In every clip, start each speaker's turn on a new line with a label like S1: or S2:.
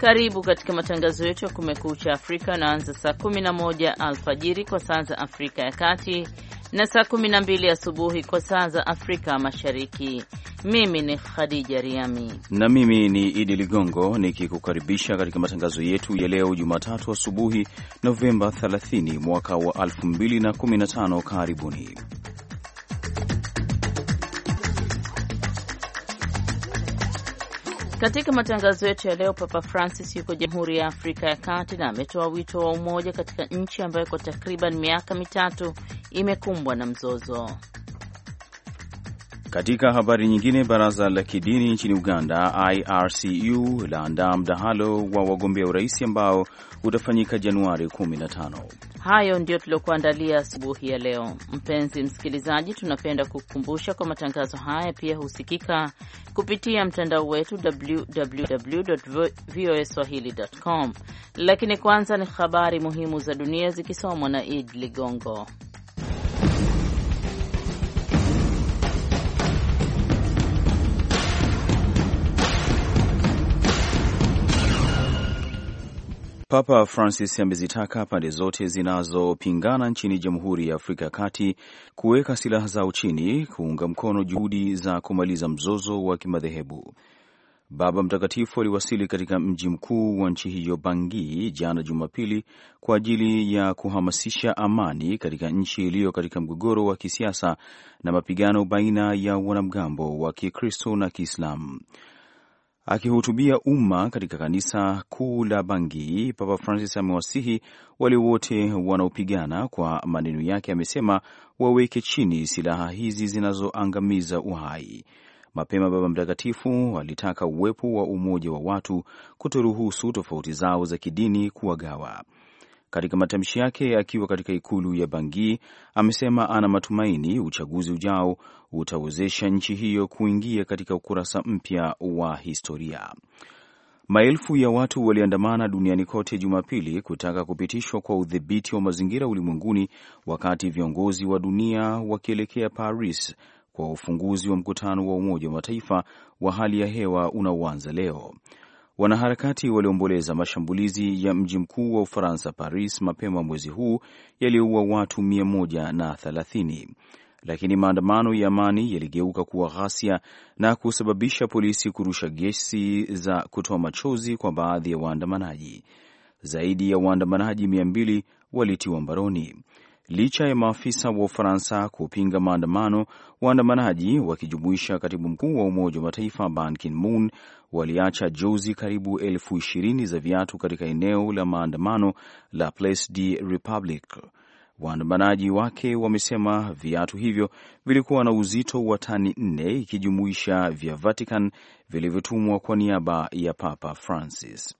S1: Karibu katika matangazo yetu ya Kumekucha Afrika naanza saa 11 alfajiri kwa saa za Afrika ya Kati na saa 12 asubuhi kwa saa za Afrika Mashariki. Mimi ni Khadija Riami
S2: na mimi ni Idi Ligongo nikikukaribisha katika matangazo yetu ya leo Jumatatu asubuhi Novemba 30 mwaka wa 2015. Karibuni
S1: Katika matangazo yetu ya leo, Papa Francis yuko Jamhuri ya Afrika ya Kati na ametoa wito wa umoja katika nchi ambayo kwa takriban miaka mitatu imekumbwa na mzozo.
S2: Katika habari nyingine, baraza la kidini nchini Uganda IRCU laandaa mdahalo wa wagombea urais ambao utafanyika Januari 15.
S1: Hayo ndiyo tuliokuandalia asubuhi ya leo. Mpenzi msikilizaji, tunapenda kukukumbusha kwa matangazo haya pia husikika kupitia mtandao wetu www.voaswahili.com. Lakini kwanza ni habari muhimu za dunia zikisomwa na Id Ligongo.
S2: Papa Francis amezitaka pande zote zinazopingana nchini Jamhuri ya Afrika ya Kati kuweka silaha zao chini, kuunga mkono juhudi za kumaliza mzozo wa kimadhehebu. Baba Mtakatifu aliwasili katika mji mkuu wa nchi hiyo Bangi jana Jumapili kwa ajili ya kuhamasisha amani katika nchi iliyo katika mgogoro wa kisiasa na mapigano baina ya wanamgambo wa Kikristo na Kiislamu. Akihutubia umma katika kanisa kuu la bangi Papa Francis amewasihi wale wote wanaopigana. Kwa maneno yake, amesema waweke chini silaha hizi zinazoangamiza uhai. Mapema Baba Mtakatifu alitaka uwepo wa umoja wa watu, kutoruhusu tofauti zao za kidini kuwagawa. Katika matamshi yake akiwa katika ikulu ya Bangi, amesema ana matumaini uchaguzi ujao utawezesha nchi hiyo kuingia katika ukurasa mpya wa historia. Maelfu ya watu waliandamana duniani kote Jumapili kutaka kupitishwa kwa udhibiti wa mazingira ulimwenguni, wakati viongozi wa dunia wakielekea Paris kwa ufunguzi wa mkutano wa Umoja wa Mataifa wa hali ya hewa unaoanza leo. Wanaharakati waliomboleza mashambulizi ya mji mkuu wa Ufaransa, Paris, mapema mwezi huu yaliyoua watu 130 lakini maandamano ya amani yaligeuka kuwa ghasia na kusababisha polisi kurusha gesi za kutoa machozi kwa baadhi ya waandamanaji. Zaidi ya waandamanaji mia walitiwa mbaroni licha ya maafisa wa Ufaransa kupinga maandamano. Waandamanaji wakijumuisha katibu mkuu wa Umoja wa Mataifa Ban Ki-moon waliacha jozi karibu elfu ishirini za viatu katika eneo la maandamano la Place de Republic. Waandamanaji wake wamesema viatu hivyo vilikuwa na uzito wa tani nne ikijumuisha vya Vatican vilivyotumwa kwa niaba ya Papa Francis.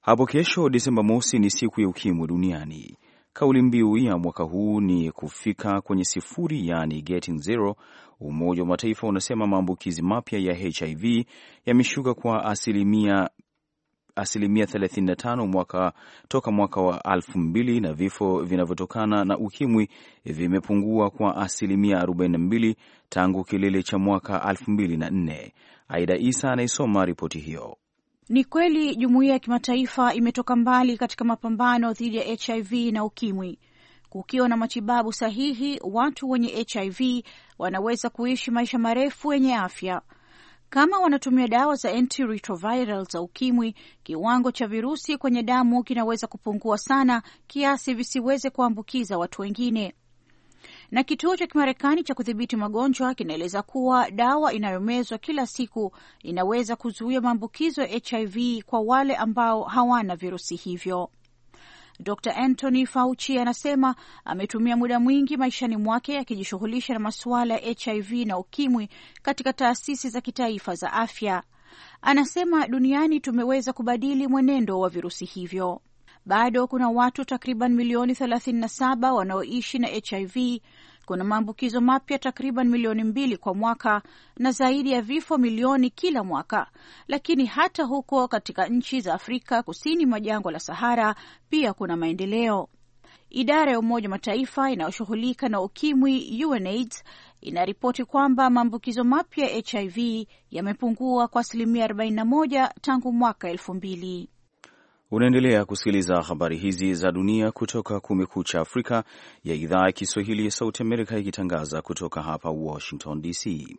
S2: Hapo kesho Desemba mosi ni siku ya ukimwi duniani. Kauli mbiu ya mwaka huu ni kufika kwenye sifuri, yani getting zero. Umoja wa Mataifa unasema maambukizi mapya ya HIV yameshuka kwa asilimia asilimia 35 mwaka, toka mwaka wa alfu na vifo vinavyotokana na ukimwi vimepungua kwa asilimia 42 tangu kilele cha mwaka 2004. Aida Isa anaisoma ripoti hiyo.
S3: Ni kweli jumuiya ya kimataifa imetoka mbali katika mapambano dhidi ya HIV na ukimwi. Kukiwa na matibabu sahihi, watu wenye HIV wanaweza kuishi maisha marefu yenye afya. Kama wanatumia dawa za antiretroviral za ukimwi, kiwango cha virusi kwenye damu kinaweza kupungua sana kiasi visiweze kuambukiza watu wengine. Na kituo cha Kimarekani cha kudhibiti magonjwa kinaeleza kuwa dawa inayomezwa kila siku inaweza kuzuia maambukizo ya HIV kwa wale ambao hawana virusi hivyo. Dr Anthony Fauci anasema ametumia muda mwingi maishani mwake akijishughulisha na masuala ya HIV na ukimwi katika taasisi za kitaifa za afya. Anasema duniani tumeweza kubadili mwenendo wa virusi hivyo bado kuna watu takriban milioni 37 wanaoishi na HIV. Kuna maambukizo mapya takriban milioni mbili kwa mwaka na zaidi ya vifo milioni kila mwaka, lakini hata huko katika nchi za Afrika kusini mwa jangwa la Sahara pia kuna maendeleo. Idara ya Umoja Mataifa inayoshughulika na ukimwi UNAIDS inaripoti kwamba maambukizo mapya ya HIV yamepungua kwa asilimia 41 tangu mwaka elfu mbili.
S2: Unaendelea kusikiliza habari hizi za dunia kutoka Kumekucha Afrika ya idhaa ya Kiswahili ya Sauti Amerika, ikitangaza kutoka hapa Washington DC.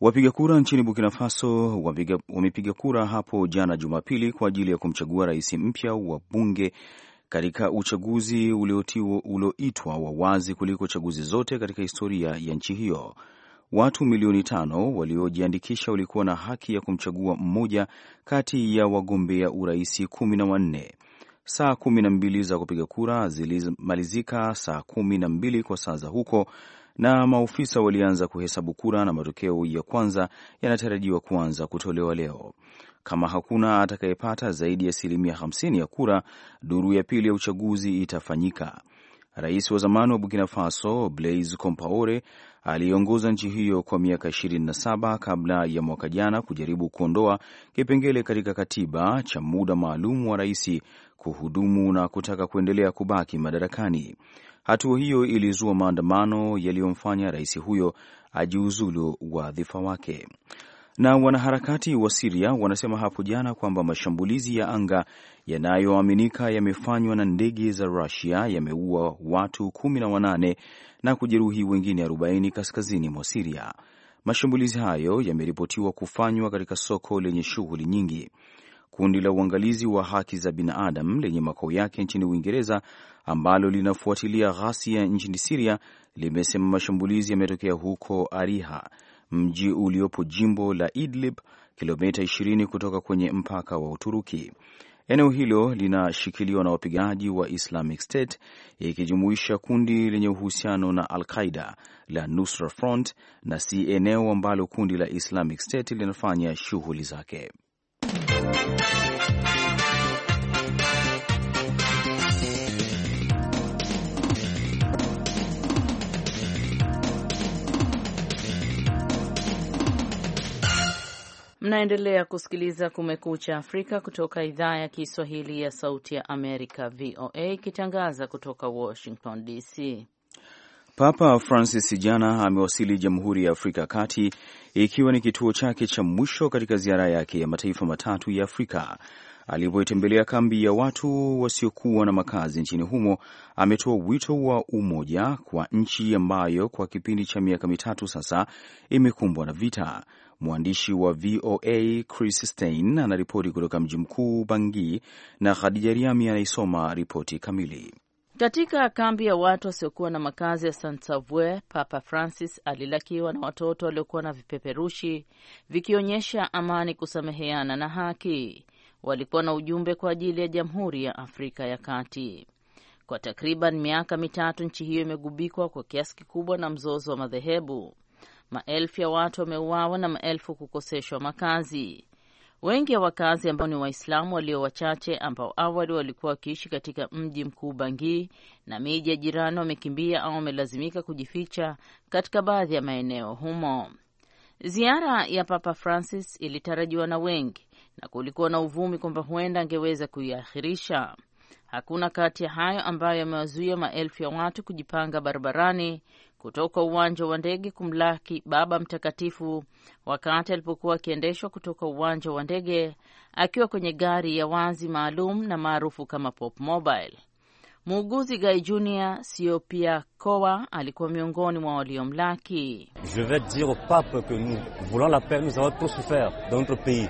S2: Wapiga kura nchini Burkina Faso wamepiga kura hapo jana Jumapili kwa ajili ya kumchagua rais mpya wa bunge katika uchaguzi ulioitwa wa wazi kuliko chaguzi zote katika historia ya nchi hiyo watu milioni tano waliojiandikisha walikuwa na haki ya kumchagua mmoja kati ya wagombea urais kumi na wanne. Saa kumi na mbili za kupiga kura zilimalizika saa kumi na mbili kwa saa za huko, na maofisa walianza kuhesabu kura na matokeo ya kwanza yanatarajiwa kuanza kutolewa leo. Kama hakuna atakayepata zaidi ya asilimia 50 ya kura, duru ya pili ya uchaguzi itafanyika. Rais wa zamani wa Burkina Faso Blaise Compaore aliyeongoza nchi hiyo kwa miaka 27 kabla ya mwaka jana kujaribu kuondoa kipengele katika katiba cha muda maalum wa rais kuhudumu na kutaka kuendelea kubaki madarakani. Hatua hiyo ilizua maandamano yaliyomfanya rais huyo ajiuzulu wadhifa wake. Na wanaharakati wa Siria wanasema hapo jana kwamba mashambulizi ya anga yanayoaminika yamefanywa na ndege za Rusia yameua watu kumi na wanane na kujeruhi wengine 40 kaskazini mwa Siria. Mashambulizi hayo yameripotiwa kufanywa katika soko lenye shughuli nyingi. Kundi la uangalizi wa haki za binadamu lenye makao yake nchini Uingereza ambalo linafuatilia ghasia nchini Siria limesema mashambulizi yametokea huko Ariha, mji uliopo jimbo la Idlib, kilomita 20 kutoka kwenye mpaka wa Uturuki. Eneo hilo linashikiliwa na wapiganaji wa Islamic State ikijumuisha kundi lenye uhusiano na Al-Qaida la Nusra Front na si eneo ambalo kundi la Islamic State linafanya shughuli zake.
S1: Mnaendelea kusikiliza Kumekucha Afrika kutoka idhaa ya Kiswahili ya Sauti ya Amerika, VOA, ikitangaza kutoka Washington DC.
S2: Papa Francis jana amewasili Jamhuri ya Afrika ya Kati, ikiwa ni kituo chake cha mwisho katika ziara yake ya mataifa matatu ya Afrika. Alipoitembelea kambi ya watu wasiokuwa na makazi nchini humo, ametoa wito wa umoja kwa nchi ambayo kwa kipindi cha miaka mitatu sasa imekumbwa na vita. Mwandishi wa VOA Chris Stein anaripoti kutoka mji mkuu bangi na Khadija Riami anaisoma ripoti kamili.
S1: Katika kambi ya watu wasiokuwa na makazi ya Sansavue, Papa Francis alilakiwa na watoto waliokuwa na vipeperushi vikionyesha amani, kusameheana na haki. Walikuwa na ujumbe kwa ajili ya Jamhuri ya Afrika ya Kati. Kwa takriban miaka mitatu, nchi hiyo imegubikwa kwa kiasi kikubwa na mzozo wa madhehebu Maelfu ya watu wameuawa na maelfu kukoseshwa makazi. Wengi wa wakazi ambao ni Waislamu walio wachache ambao awali walikuwa wakiishi katika mji mkuu Bangui na miji ya jirani wamekimbia au wamelazimika kujificha katika baadhi ya maeneo humo. Ziara ya Papa Francis ilitarajiwa na wengi na kulikuwa na uvumi kwamba huenda angeweza kuiahirisha Hakuna kati ya hayo ambayo yamewazuia maelfu ya watu kujipanga barabarani kutoka uwanja wa ndege kumlaki Baba Mtakatifu wakati alipokuwa akiendeshwa kutoka uwanja wa ndege akiwa kwenye gari ya wazi maalum na maarufu kama Pop Mobile. Muuguzi Gai Junior Siopia Koa alikuwa miongoni mwa waliomlaki.
S2: Je vais dire au pape que nous voulons la paix, nous avons trop souffert dans notre pays.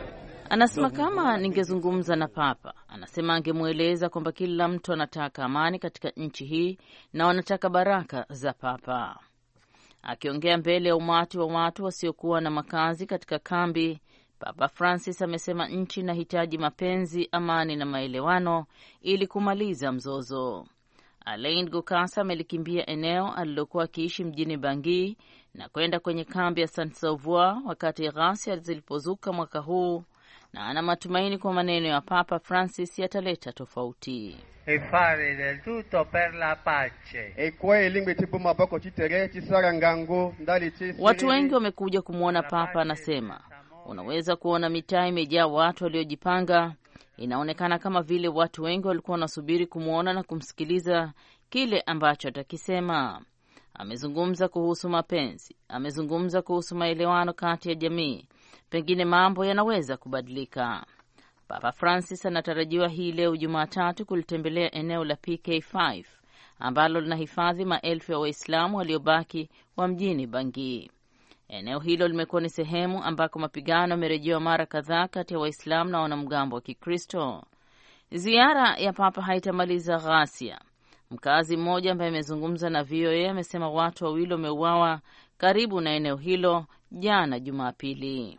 S1: Anasema kama ningezungumza na Papa, anasema angemweleza kwamba kila mtu anataka amani katika nchi hii na wanataka baraka za Papa. Akiongea mbele ya umati wa watu wasiokuwa na makazi katika kambi, Papa Francis amesema nchi inahitaji mapenzi, amani na maelewano ili kumaliza mzozo. Alain Gukasa amelikimbia eneo alilokuwa akiishi mjini Bangi na kwenda kwenye kambi ya st Sauveur wakati ghasia zilipozuka mwaka huu na ana matumaini kwa maneno ya Papa Francis yataleta tofauti.
S4: E fare del tutto per la pace. E watu
S1: wengi wamekuja kumwona Papa, anasema unaweza kuona mitaa imejaa watu waliojipanga. Inaonekana kama vile watu wengi walikuwa wanasubiri kumwona na kumsikiliza kile ambacho atakisema. Amezungumza kuhusu mapenzi, amezungumza kuhusu maelewano kati ya jamii pengine mambo yanaweza kubadilika. Papa Francis anatarajiwa hii leo Jumatatu kulitembelea eneo la PK5 ambalo linahifadhi maelfu ya Waislamu waliobaki wa mjini Bangi. Eneo hilo limekuwa ni sehemu ambako mapigano yamerejewa mara kadhaa kati ya Waislamu na wanamgambo wa Kikristo. Ziara ya Papa haitamaliza ghasia. Mkazi mmoja ambaye amezungumza na VOA amesema watu wawili wameuawa karibu na eneo hilo jana Jumapili.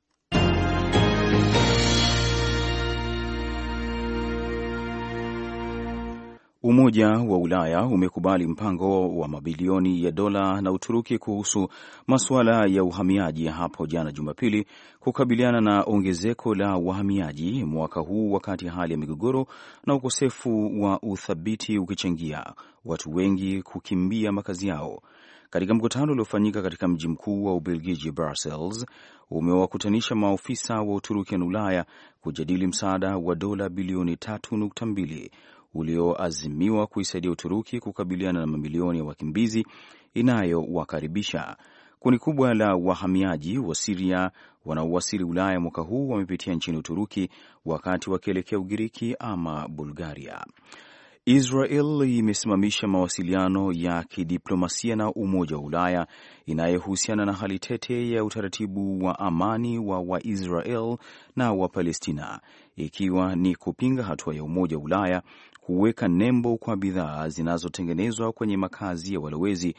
S2: Umoja wa Ulaya umekubali mpango wa mabilioni ya dola na Uturuki kuhusu masuala ya uhamiaji hapo jana Jumapili, kukabiliana na ongezeko la wahamiaji mwaka huu, wakati hali ya migogoro na ukosefu wa uthabiti ukichangia watu wengi kukimbia makazi yao. Katika mkutano uliofanyika katika mji mkuu wa Ubelgiji, Brussels, umewakutanisha maofisa wa Uturuki na Ulaya kujadili msaada wa dola bilioni 3.2 ulioazimiwa kuisaidia Uturuki kukabiliana na mamilioni ya wakimbizi inayowakaribisha. Kundi kubwa la wahamiaji wa Siria wanaowasili Ulaya mwaka huu wamepitia nchini Uturuki wakati wakielekea Ugiriki ama Bulgaria. Israel imesimamisha mawasiliano ya kidiplomasia na Umoja wa Ulaya inayohusiana na hali tete ya utaratibu wa amani wa Waisrael na Wapalestina, ikiwa ni kupinga hatua ya Umoja wa Ulaya kuweka nembo kwa bidhaa zinazotengenezwa kwenye makazi ya walowezi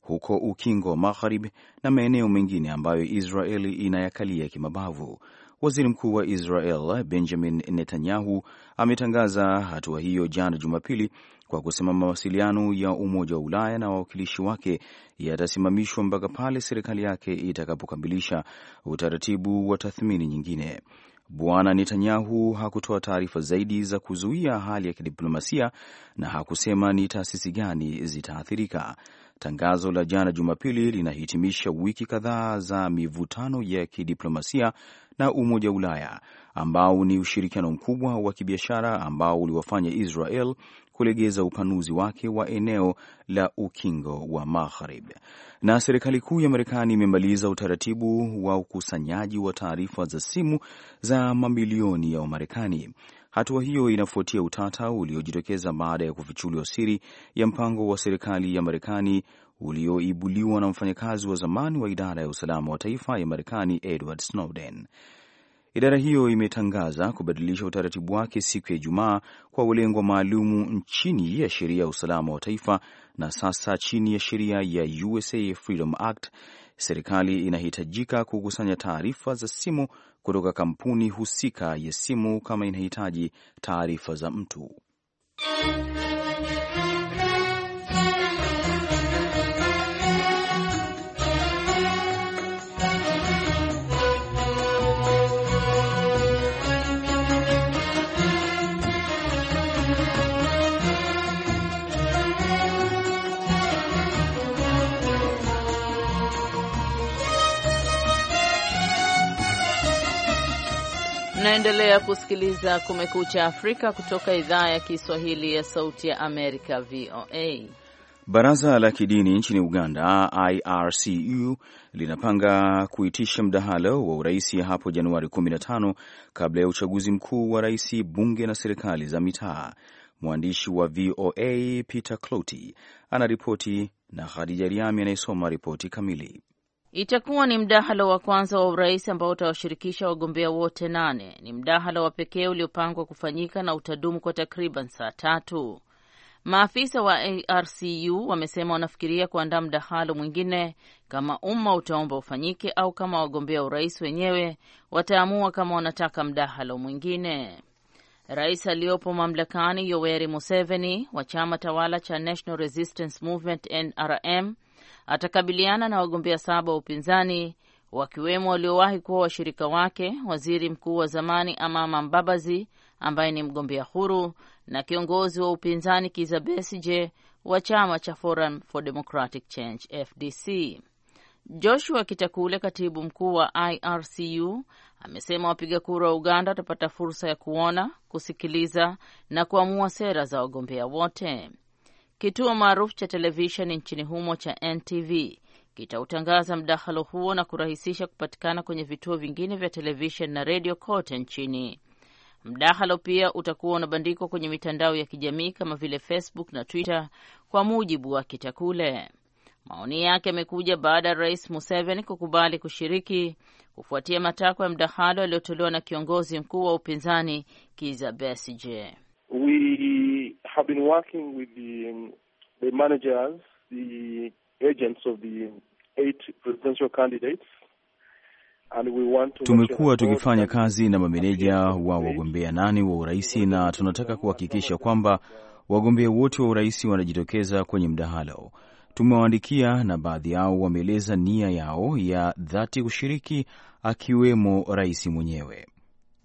S2: huko Ukingo wa Magharibi na maeneo mengine ambayo israel inayakalia kimabavu. Waziri mkuu wa Israel eh, Benjamin Netanyahu ametangaza hatua hiyo jana Jumapili kwa kusema mawasiliano ya Umoja wa Ulaya na wawakilishi wake yatasimamishwa mpaka pale serikali yake itakapokamilisha utaratibu wa tathmini nyingine. Bwana Netanyahu hakutoa taarifa zaidi za kuzuia hali ya kidiplomasia na hakusema ni taasisi gani zitaathirika. Tangazo la jana Jumapili linahitimisha wiki kadhaa za mivutano ya kidiplomasia na Umoja wa Ulaya ambao ni ushirikiano mkubwa wa kibiashara ambao uliwafanya Israel kulegeza upanuzi wake wa eneo la ukingo wa Magharibi. Na serikali kuu ya Marekani imemaliza utaratibu wa ukusanyaji wa taarifa za simu za mamilioni ya Wamarekani Hatua hiyo inafuatia utata uliojitokeza baada ya kufichuliwa siri ya mpango wa serikali ya Marekani ulioibuliwa na mfanyakazi wa zamani wa idara ya usalama wa taifa ya Marekani Edward Snowden. Idara hiyo imetangaza kubadilisha utaratibu wake siku ya Ijumaa kwa ulengwa maalumu chini ya sheria ya usalama wa taifa na sasa chini ya sheria ya USA Freedom Act serikali inahitajika kukusanya taarifa za simu kutoka kampuni husika ya simu kama inahitaji taarifa za mtu
S1: Unaendelea kusikiliza Kumekucha Afrika kutoka idhaa ya Kiswahili ya Sauti ya Amerika, VOA.
S2: Baraza la Kidini nchini Uganda, IRCU, linapanga kuitisha mdahalo wa urais hapo Januari 15 kabla ya uchaguzi mkuu wa rais, bunge na serikali za mitaa. Mwandishi wa VOA Peter Cloti anaripoti na Khadija Riami anayesoma ripoti kamili.
S1: Itakuwa ni mdahalo wa kwanza wa urais ambao utawashirikisha wagombea wote nane. Ni mdahalo wa pekee uliopangwa kufanyika na utadumu kwa takriban saa tatu. Maafisa wa ARCU wamesema wanafikiria kuandaa mdahalo mwingine kama umma utaomba ufanyike au kama wagombea urais wenyewe wataamua kama wanataka mdahalo mwingine. Rais aliyopo mamlakani Yoweri Museveni wa chama tawala cha National Resistance Movement NRM atakabiliana na wagombea saba wa upinzani wakiwemo waliowahi kuwa washirika wake, waziri mkuu wa zamani Amama Mbabazi ambaye ni mgombea huru na kiongozi wa upinzani Kizza Besigye wa chama cha Forum for Democratic Change FDC. Joshua Kitakule, katibu mkuu wa IRCU, amesema wapiga kura wa Uganda watapata fursa ya kuona, kusikiliza na kuamua sera za wagombea wote. Kituo maarufu cha televisheni nchini humo cha NTV kitautangaza mdahalo huo na kurahisisha kupatikana kwenye vituo vingine vya televisheni na redio kote nchini. Mdahalo pia utakuwa unabandikwa kwenye mitandao ya kijamii kama vile Facebook na Twitter, kwa mujibu wa Kitakule. Maoni yake yamekuja baada ya Rais Museveni kukubali kushiriki kufuatia matakwa ya mdahalo yaliyotolewa na kiongozi mkuu wa upinzani Kizza Besigye.
S5: We have been working with the, um, the managers, the agents of the eight presidential candidates. Tumekuwa tukifanya
S2: kazi na mameneja wa wagombea nane wa uraisi na tunataka kuhakikisha uh, kwamba wagombea wote wa uraisi wanajitokeza kwenye mdahalo. Tumewaandikia na baadhi yao wameeleza nia yao ya dhati kushiriki, akiwemo rais mwenyewe.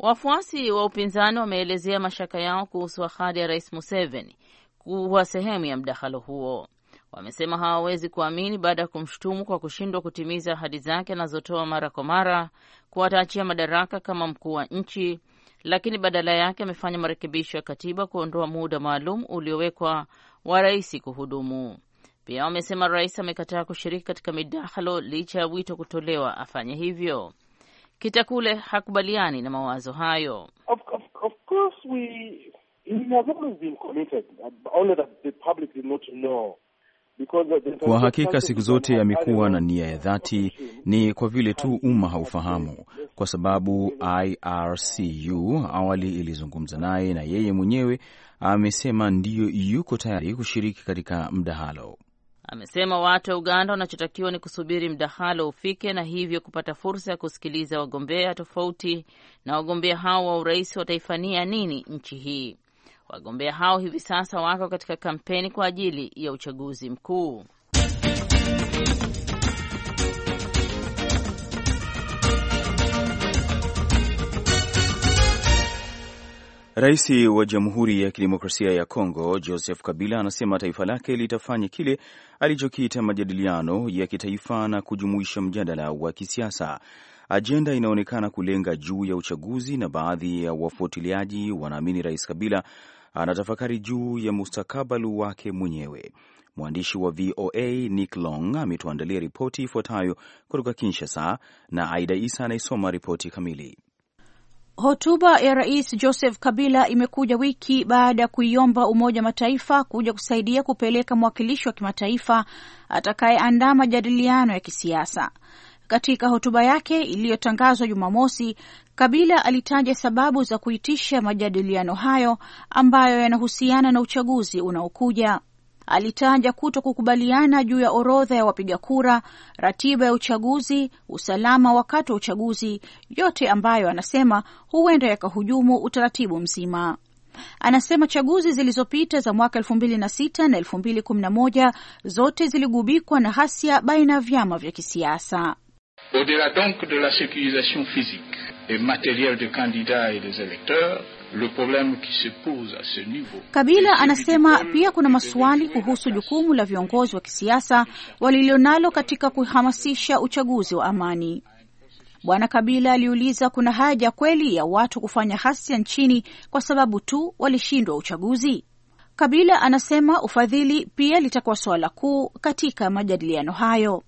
S1: Wafuasi wa upinzani wameelezea mashaka yao kuhusu ahadi ya Rais Museveni kuwa sehemu ya mdahalo huo. Wamesema hawawezi kuamini baada ya kumshutumu kwa kushindwa kutimiza ahadi zake anazotoa mara kwa mara kuwa ataachia madaraka kama mkuu wa nchi, lakini badala yake amefanya marekebisho ya katiba kuondoa muda maalum uliowekwa wa rais kuhudumu. Pia wamesema rais amekataa kushiriki katika midahalo licha ya wito kutolewa afanye hivyo. Kitakule hakubaliani na mawazo hayo. of,
S2: of, of course we
S5: kwa hakika siku zote
S2: amekuwa na nia ya dhati, ni kwa vile tu umma haufahamu, kwa sababu IRCU awali ilizungumza naye na yeye mwenyewe amesema ndiyo yuko tayari kushiriki katika mdahalo
S1: amesema watu wa Uganda wanachotakiwa ni kusubiri mdahalo ufike na hivyo kupata fursa ya kusikiliza wagombea tofauti na wagombea hao wa urais wataifania nini nchi hii. Wagombea hao hivi sasa wako katika kampeni kwa ajili ya uchaguzi mkuu.
S2: Rais wa Jamhuri ya Kidemokrasia ya Kongo Joseph Kabila anasema taifa lake litafanya kile alichokiita majadiliano ya kitaifa na kujumuisha mjadala wa kisiasa. Ajenda inaonekana kulenga juu ya uchaguzi, na baadhi ya wafuatiliaji wanaamini Rais Kabila anatafakari juu ya mustakabali wake mwenyewe. Mwandishi wa VOA Nick Long ametuandalia ripoti ifuatayo kutoka Kinshasa, na Aida Isa anaisoma ripoti kamili.
S3: Hotuba ya Rais Joseph Kabila imekuja wiki baada ya kuiomba Umoja wa Mataifa kuja kusaidia kupeleka mwakilishi wa kimataifa atakayeandaa majadiliano ya kisiasa. Katika hotuba yake iliyotangazwa Jumamosi, Kabila alitaja sababu za kuitisha majadiliano hayo ambayo yanahusiana na uchaguzi unaokuja alitaja kuto kukubaliana juu ya orodha ya wapiga kura, ratiba ya uchaguzi, usalama wakati wa uchaguzi, yote ambayo anasema huenda yakahujumu utaratibu mzima. Anasema chaguzi zilizopita za mwaka elfu mbili na sita na elfu mbili kumi na moja zote ziligubikwa na hasia baina ya vyama vya kisiasa.
S5: Au-dela donc de la sécurisation physique et materielle des candidats et des électeurs, Kabila anasema
S3: pia kuna maswali kuhusu jukumu la viongozi wa kisiasa walilionalo katika kuhamasisha uchaguzi wa amani. Bwana Kabila aliuliza kuna haja kweli ya watu kufanya hasia nchini kwa sababu tu walishindwa uchaguzi? Kabila anasema ufadhili pia litakuwa suala kuu katika majadiliano hayo.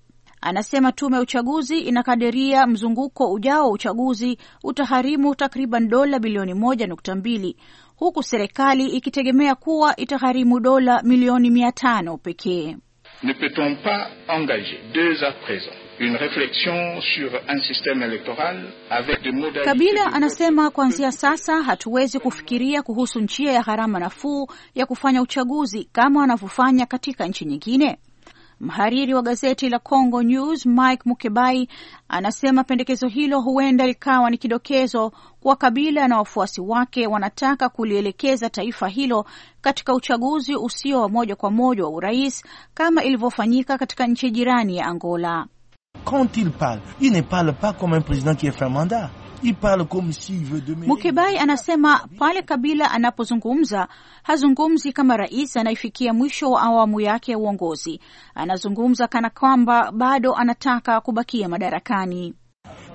S3: Anasema tume ya uchaguzi inakadiria mzunguko ujao wa uchaguzi utaharimu takriban dola bilioni moja nukta mbili huku serikali ikitegemea kuwa itaharimu dola milioni mia tano pekee.
S5: Ne peut-on pas engager dès à présent une réflexion sur un système électoral avec des modalités. Kabila
S3: anasema kuanzia sasa hatuwezi kufikiria kuhusu njia ya gharama nafuu ya kufanya uchaguzi kama wanavyofanya katika nchi nyingine. Mhariri wa gazeti la Congo News Mike Mukebai anasema pendekezo hilo huenda likawa ni kidokezo kwa Kabila na wafuasi wake wanataka kulielekeza taifa hilo katika uchaguzi usio wa moja kwa moja wa urais kama ilivyofanyika katika nchi jirani ya Angola.
S5: Quand il parle, il ne parle pas comme un président qui fait mandat
S3: Mukebai anasema pale Kabila anapozungumza hazungumzi kama rais anayefikia mwisho wa awamu yake ya uongozi, anazungumza kana kwamba bado anataka kubakia madarakani.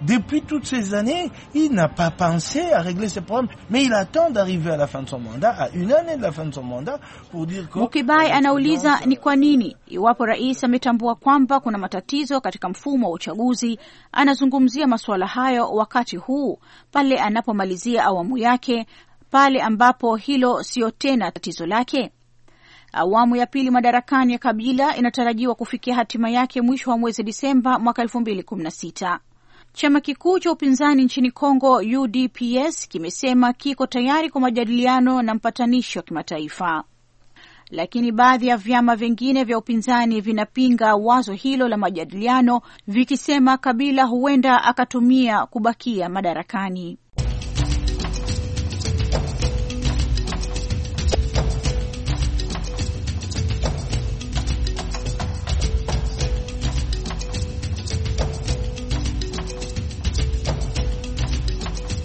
S5: Depuis toutes ces années, il n'a pas pensé à régler ses problèmes, mais il attend d'arriver à la fin de son mandat, à une année de la fin de son mandat,
S4: pour dire que Mukibai anauliza
S3: ni kwa nini, iwapo rais ametambua kwamba kuna matatizo katika mfumo wa uchaguzi, anazungumzia masuala hayo wakati huu pale anapomalizia awamu yake, pale ambapo hilo siyo tena tatizo lake. Awamu ya pili madarakani ya Kabila inatarajiwa kufikia hatima yake mwisho wa mwezi Disemba mwaka 2016. Chama kikuu cha upinzani nchini Kongo UDPS kimesema kiko tayari kwa majadiliano na mpatanishi wa kimataifa, lakini baadhi ya vyama vingine vya upinzani vinapinga wazo hilo la majadiliano, vikisema Kabila huenda akatumia kubakia madarakani.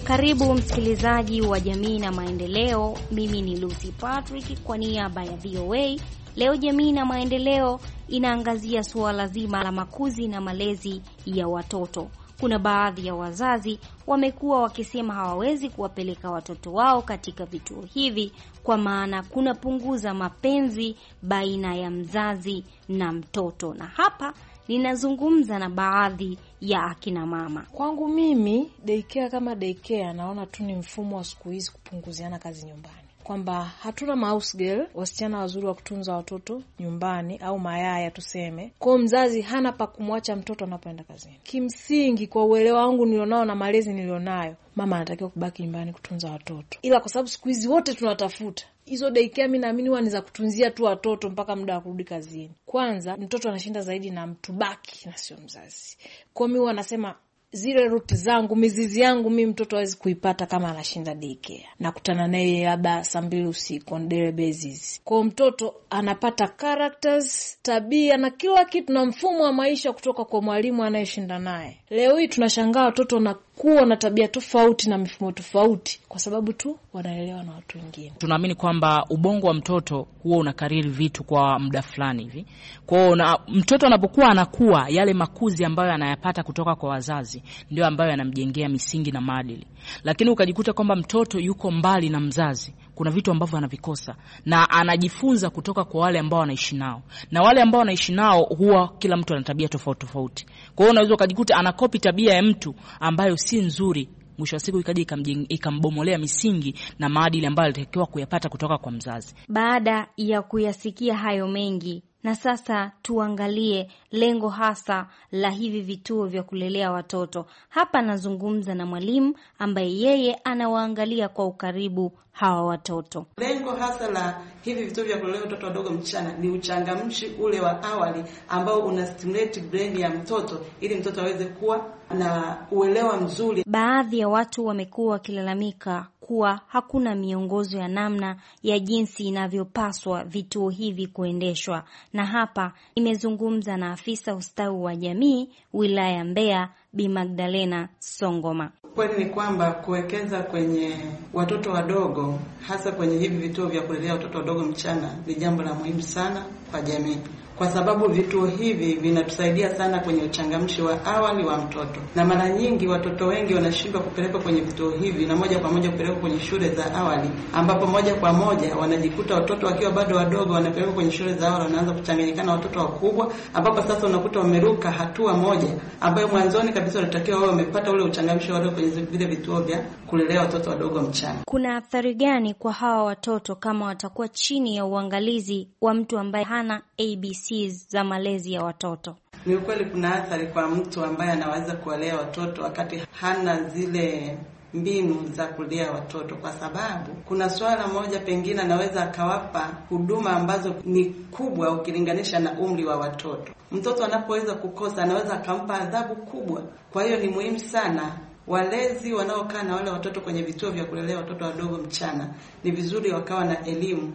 S4: Karibu msikilizaji wa Jamii na Maendeleo. Mimi ni Lucy Patrick kwa niaba ya VOA. Leo Jamii na Maendeleo inaangazia suala zima la makuzi na malezi ya watoto. Kuna baadhi ya wazazi wamekuwa wakisema hawawezi kuwapeleka watoto wao katika vituo hivi kwa maana kunapunguza mapenzi baina ya mzazi na mtoto, na hapa ninazungumza na baadhi ya akina mama. Kwangu mimi deikea kama deikea,
S6: naona tu ni mfumo wa siku hizi kupunguziana kazi nyumbani kwamba hatuna mouse girl, wasichana wazuri wa kutunza watoto nyumbani au mayaya tuseme. Kwa mzazi hana pa kumwacha mtoto anapoenda kazini. Kimsingi, kwa uelewa wangu nilionao na malezi nilionayo, mama anatakiwa kubaki nyumbani kutunza watoto, ila kwa sababu siku hizi wote tunatafuta hizo daycare mi naamini huwa ni za kutunzia tu watoto mpaka muda wa kurudi kazini. Kwanza mtoto anashinda zaidi na mtu baki na sio mzazi. Kwa mi huwa nasema zile ruti zangu mizizi yangu mi mtoto awezi kuipata kama anashinda daycare. Nakutana naye labda saa mbili usiku on daily basis. Kwao mtoto anapata characters, tabia na kila kitu na mfumo wa maisha kutoka kwa mwalimu anayeshinda naye. Leo hii tunashangaa watoto kuwa na tabia tofauti na mifumo tofauti, kwa sababu tu wanaelewa na watu wengine.
S1: Tunaamini kwamba ubongo wa mtoto huwa unakariri vitu kwa muda fulani hivi. Kwao mtoto anapokuwa anakuwa, yale makuzi ambayo anayapata kutoka kwa wazazi ndio ambayo yanamjengea misingi na maadili. Lakini ukajikuta kwamba mtoto yuko mbali na mzazi, kuna vitu ambavyo anavikosa na anajifunza kutoka kwa wale ambao anaishi nao, na wale ambao anaishi nao huwa kila mtu ana tabia tofauti tofauti. Kwa hiyo unaweza ukajikuta anakopi tabia ya mtu ambayo si nzuri mwisho wa siku ikaja ikambomolea misingi na maadili ambayo alitakiwa kuyapata kutoka kwa mzazi.
S4: Baada ya kuyasikia hayo mengi, na sasa tuangalie lengo hasa la hivi vituo vya kulelea watoto. Hapa nazungumza na mwalimu ambaye yeye anawaangalia kwa ukaribu hawa watoto.
S7: Lengo hasa la hivi vituo vya kulelea watoto wadogo mchana ni uchangamshi ule wa awali ambao una stimulate brain ya mtoto ili mtoto aweze kuwa na uelewa mzuri.
S4: Baadhi ya watu wamekuwa wakilalamika kuwa hakuna miongozo ya namna ya jinsi inavyopaswa vituo hivi kuendeshwa, na hapa nimezungumza na afisa ustawi wa jamii wilaya Mbeya Bi Magdalena Songoma.
S7: Kweli ni kwamba kuwekeza kwenye watoto wadogo, hasa kwenye hivi vituo vya kulelea watoto wadogo mchana, ni jambo la muhimu sana kwa jamii kwa sababu vituo hivi vinatusaidia sana kwenye uchangamshi wa awali wa mtoto, na mara nyingi watoto wengi wanashindwa kupelekwa kwenye vituo hivi na moja kwa moja kupelekwa kwenye shule za awali, ambapo moja kwa moja wanajikuta watoto wakiwa bado wadogo wanapelekwa kwenye shule za awali, wanaanza kuchanganyikana watoto wakubwa, ambapo sasa unakuta wameruka hatua moja ambayo mwanzoni kabisa wanatakiwa wao wamepata ule uchangamshi wale kwenye vile vituo vya kulelea watoto wadogo mchana.
S4: Kuna athari gani kwa hawa watoto kama watakuwa chini ya uangalizi wa mtu ambaye hana ABC? taasisi za malezi ya watoto.
S7: Ni ukweli kuna athari kwa mtu ambaye anaweza kuwalea watoto wakati hana zile mbinu za kulea watoto, kwa sababu kuna swala moja, pengine anaweza akawapa huduma ambazo ni kubwa ukilinganisha na umri wa watoto. Mtoto anapoweza kukosa, anaweza akampa adhabu kubwa. Kwa hiyo ni muhimu sana walezi wanaokaa na wale watoto kwenye vituo vya kulelea watoto wadogo mchana, ni vizuri wakawa na elimu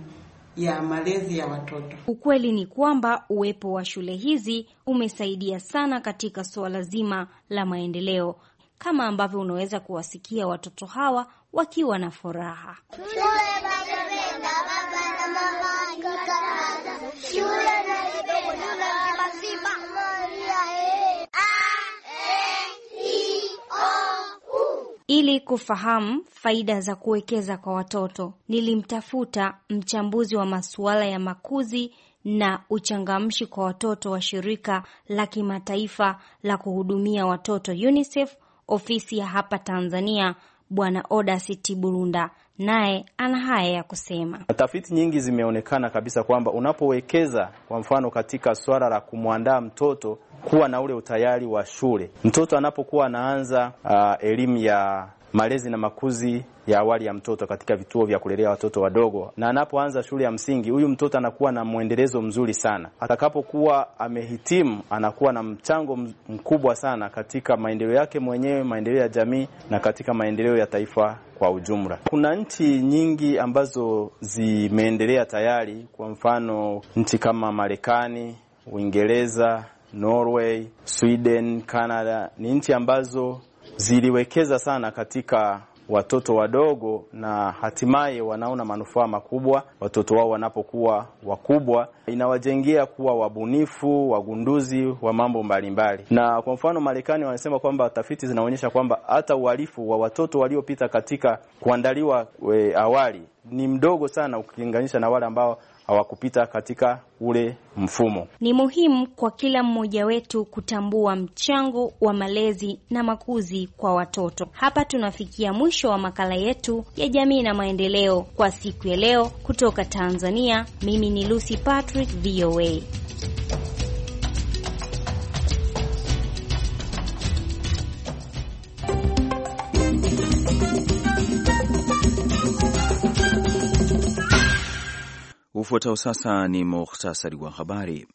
S7: ya malezi ya watoto.
S4: Ukweli ni kwamba uwepo wa shule hizi umesaidia sana katika suala zima la maendeleo, kama ambavyo unaweza kuwasikia watoto hawa wakiwa na furaha. Shule, Ili kufahamu faida za kuwekeza kwa watoto, nilimtafuta mchambuzi wa masuala ya makuzi na uchangamshi kwa watoto wa shirika la kimataifa la kuhudumia watoto UNICEF ofisi ya hapa Tanzania, Bwana Oda Siti Burunda naye ana haya ya kusema.
S5: Tafiti nyingi zimeonekana kabisa kwamba unapowekeza kwa mfano katika swala la kumwandaa mtoto kuwa na ule utayari wa shule, mtoto anapokuwa anaanza uh, elimu ya malezi na makuzi ya awali ya mtoto katika vituo vya kulelea watoto wadogo, na anapoanza shule ya msingi, huyu mtoto anakuwa na mwendelezo mzuri sana. Atakapokuwa amehitimu, anakuwa na mchango mkubwa sana katika maendeleo yake mwenyewe, maendeleo ya jamii na katika maendeleo ya taifa kwa ujumla. Kuna nchi nyingi ambazo zimeendelea tayari, kwa mfano nchi kama Marekani, Uingereza, Norway, Sweden, Canada ni nchi ambazo ziliwekeza sana katika watoto wadogo na hatimaye wanaona manufaa makubwa watoto wao wanapokuwa wakubwa. Inawajengea kuwa wabunifu, wagunduzi wa mambo mbalimbali. Na kwa mfano, Marekani wanasema kwamba tafiti zinaonyesha kwamba hata uhalifu wa watoto waliopita katika kuandaliwa eh, awali ni mdogo sana ukilinganisha na wale ambao hawakupita katika ule mfumo.
S4: Ni muhimu kwa kila mmoja wetu kutambua mchango wa malezi na makuzi kwa watoto. Hapa tunafikia mwisho wa makala yetu ya jamii na maendeleo kwa siku ya leo kutoka Tanzania. Mimi ni Lucy Patrick, VOA.
S2: Ufuatao sasa ni muhtasari wa habari.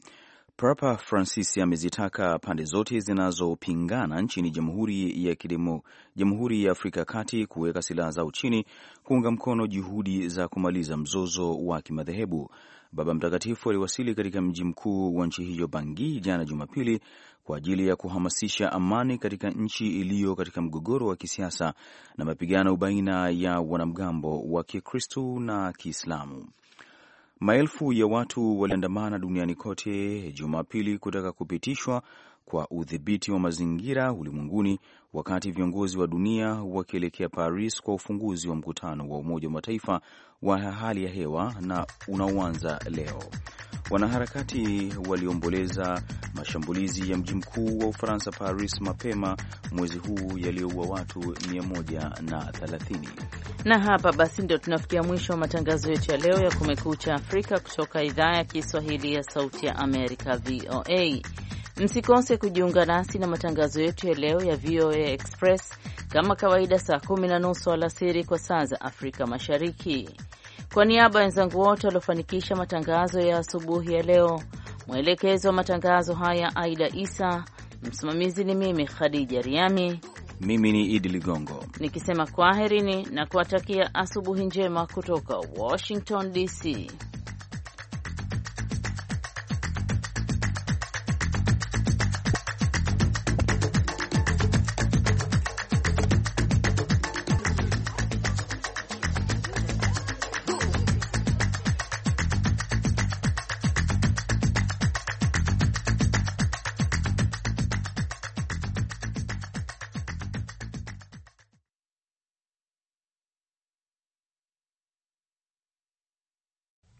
S2: Papa Francis amezitaka pande zote zinazopingana nchini Jamhuri ya Kidemo, Jamhuri ya Afrika ya Kati kuweka silaha zao chini, kuunga mkono juhudi za kumaliza mzozo wa kimadhehebu. Baba Mtakatifu aliwasili katika mji mkuu wa nchi hiyo bangi jana Jumapili kwa ajili ya kuhamasisha amani katika nchi iliyo katika mgogoro wa kisiasa na mapigano baina ya wanamgambo wa Kikristu na Kiislamu. Maelfu ya watu waliandamana duniani kote Jumapili kutaka kupitishwa kwa udhibiti wa mazingira ulimwenguni, wakati viongozi wa dunia wakielekea Paris kwa ufunguzi wa mkutano wa Umoja wa Mataifa wa hali ya hewa na unaoanza leo. Wanaharakati waliomboleza mashambulizi ya mji mkuu wa Ufaransa, Paris, mapema mwezi huu yaliyoua watu 130.
S1: Na hapa basi ndio tunafikia mwisho wa matangazo yetu ya leo ya Kumekucha Afrika kutoka idhaa ya Kiswahili ya Sauti ya Amerika, VOA. Msikose kujiunga nasi na matangazo yetu ya leo ya VOA Express kama kawaida, saa kumi na nusu alasiri kwa saa za Afrika Mashariki. Kwa niaba ya wenzangu wote waliofanikisha matangazo ya asubuhi ya leo, mwelekezi wa matangazo haya Aida Isa, msimamizi ni mimi Khadija Riami,
S2: mimi ni Idi Ligongo
S1: nikisema kwaherini na kuwatakia asubuhi njema kutoka Washington DC.